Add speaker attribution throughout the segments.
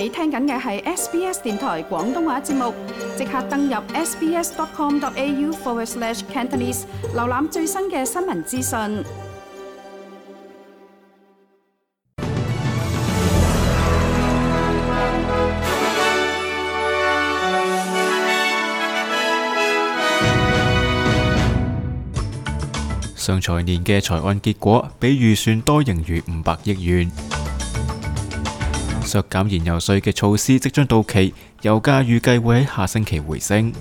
Speaker 1: 你聽緊嘅係 SBS 電台廣東話節目，即刻登入 sbs.com.au/cantonese，瀏覽最新嘅新聞資訊。上財年嘅財案結果比預算多盈餘五百億元。削減燃油稅嘅措施即將到期，油價預計會喺下星期回升。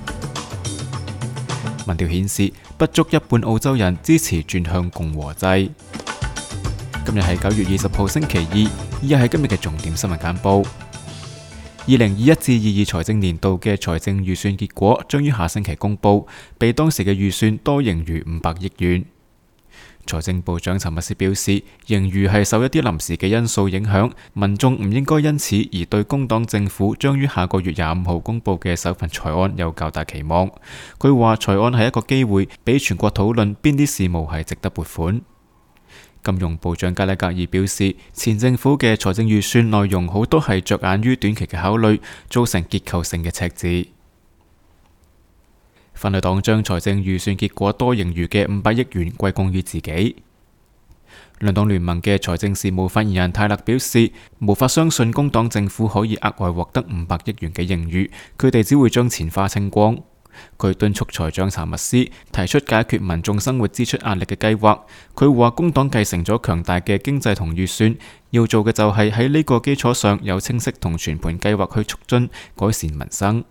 Speaker 1: 民調顯示不足一半澳洲人支持轉向共和制。今日係九月二十號星期二，以下係今日嘅重點新聞簡報。二零二一至二二財政年度嘅財政預算結果將於下星期公布，比當時嘅預算多盈餘五百億元。財政部長陳密斯表示，仍然係受一啲臨時嘅因素影響，民眾唔應該因此而對工黨政府將於下個月廿五號公佈嘅首份財案有較大期望。佢話財案係一個機會，俾全國討論邊啲事務係值得撥款。金融部長加拉格爾表示，前政府嘅財政預算內容好多係着眼於短期嘅考慮，造成結構性嘅赤字。反對黨將財政預算結果多盈餘嘅五百億元歸功於自己。兩黨聯盟嘅財政事務發言人泰勒表示，無法相信工黨政府可以額外獲得五百億元嘅盈餘，佢哋只會將錢花清光。佢敦促財長查密斯提出解決民眾生活支出壓力嘅計劃。佢話工黨繼承咗強大嘅經濟同預算，要做嘅就係喺呢個基礎上有清晰同全盤計劃去促進改善民生。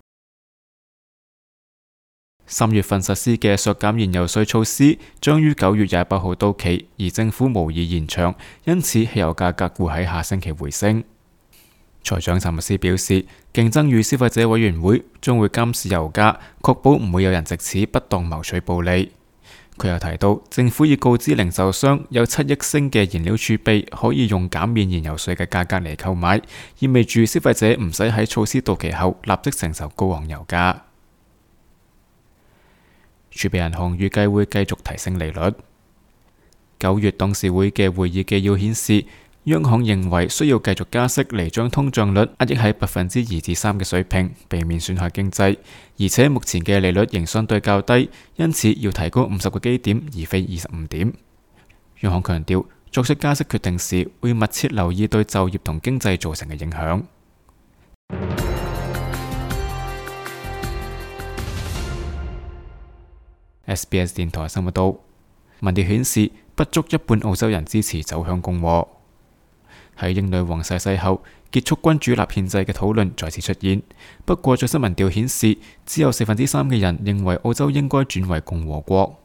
Speaker 1: 三月份實施嘅削減燃油稅措施將於九月廿八號到期，而政府無意延長，因此汽油價格會喺下星期回升。財長查默斯表示，競爭與消費者委員會將會監視油價，確保唔會有人藉此不當謀取暴利。佢又提到，政府已告知零售商有七億升嘅燃料儲備可以用減免燃油稅嘅價格嚟購買，意味住消費者唔使喺措施到期後立即承受高昂油價。儲備銀行預計會繼續提升利率。九月董事會嘅會議紀要顯示，央行認為需要繼續加息嚟將通脹率壓抑喺百分之二至三嘅水平，避免損害經濟。而且目前嘅利率仍相對較低，因此要提高五十個基點，而非二十五點。央行強調，作出加息決定時會密切留意對就業同經濟造成嘅影響。SBS 電台新聞道，民調顯示不足一半澳洲人支持走向共和。喺英女王逝世，世後，結束君主立憲制嘅討論再次出現。不過，最新民調顯示，只有四分之三嘅人認為澳洲應該轉為共和國。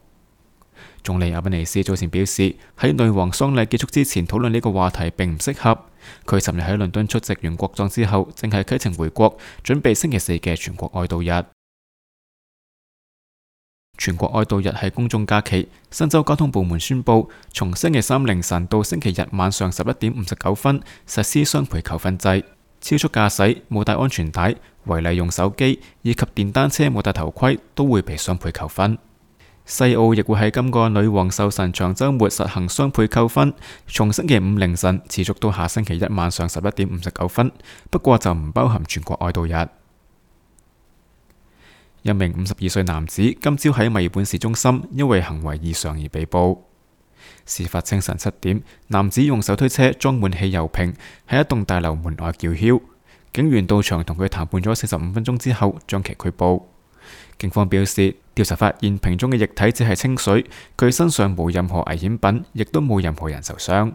Speaker 1: 總理阿賓尼斯早前表示，喺女王喪禮結束之前討論呢個話題並唔適合。佢尋日喺倫敦出席完國葬之後，正係啟程回國，準備星期四嘅全國哀悼日。全國哀悼日係公眾假期，新州交通部門宣布，從星期三凌晨到星期日晚上十一點五十九分實施雙倍扣分制，超速駕駛、冇戴安全帶、違例用手機以及電單車冇戴頭盔都會被雙倍扣分。西澳亦會喺今個女王壽辰長週末實行雙倍扣分，從星期五凌晨持續到下星期一晚上十一點五十九分，不過就唔包含全國哀悼日。一名五十二歲男子今朝喺墨爾本市中心，因為行為異常而被捕。事發清晨七點，男子用手推車裝滿汽油瓶喺一棟大樓門外叫囂，警員到場同佢談判咗四十五分鐘之後，將其拘捕。警方表示調查發現瓶中嘅液體只係清水，佢身上冇任何危險品，亦都冇任何人受傷。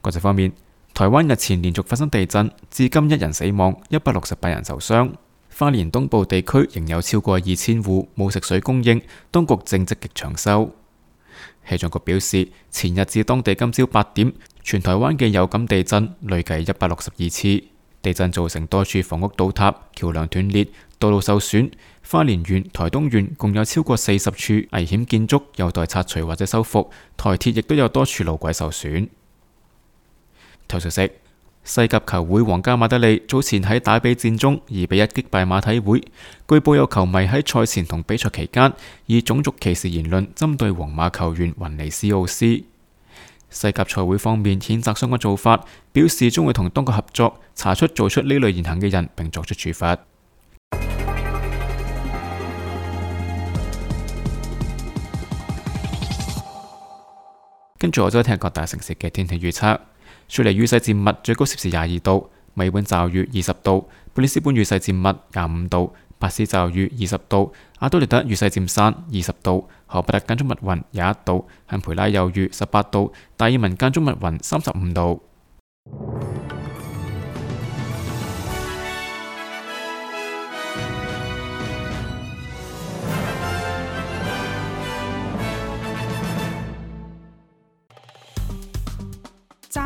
Speaker 1: 國際方面，台灣日前連續發生地震，至今一人死亡，一百六十八人受傷。花蓮東部地區仍有超過二千戶冇食水供應，當局正積極搶修。氣象局表示，前日至當地今朝八點，全台灣嘅有感地震累計一百六十二次，地震造成多處房屋倒塌、橋梁斷裂、道路受損。花蓮縣、台東縣共有超過四十處危險建築有待拆除或者修復。台鐵亦都有多處路軌受損。頭條息。西甲球會皇家馬德里早前喺打比戰中二比一擊敗馬體會，據報有球迷喺賽前同比賽期間以種族歧視言論針對皇馬球員雲尼斯奧斯。西甲賽會方面譴責相關做法，表示將會同當局合作查出做出呢類言行嘅人，並作出處罰。 跟住我再聽各大城市嘅天氣預測。雪梨雨勢漸密，最高攝氏廿二度；美本驟雨二十度；布里斯本雨勢漸密廿五度；柏斯驟雨二十度；阿多利德雨勢漸散二十度；荷伯特間中密雲廿一度；肯培拉有雨十八度；達爾文間中密雲三十五度。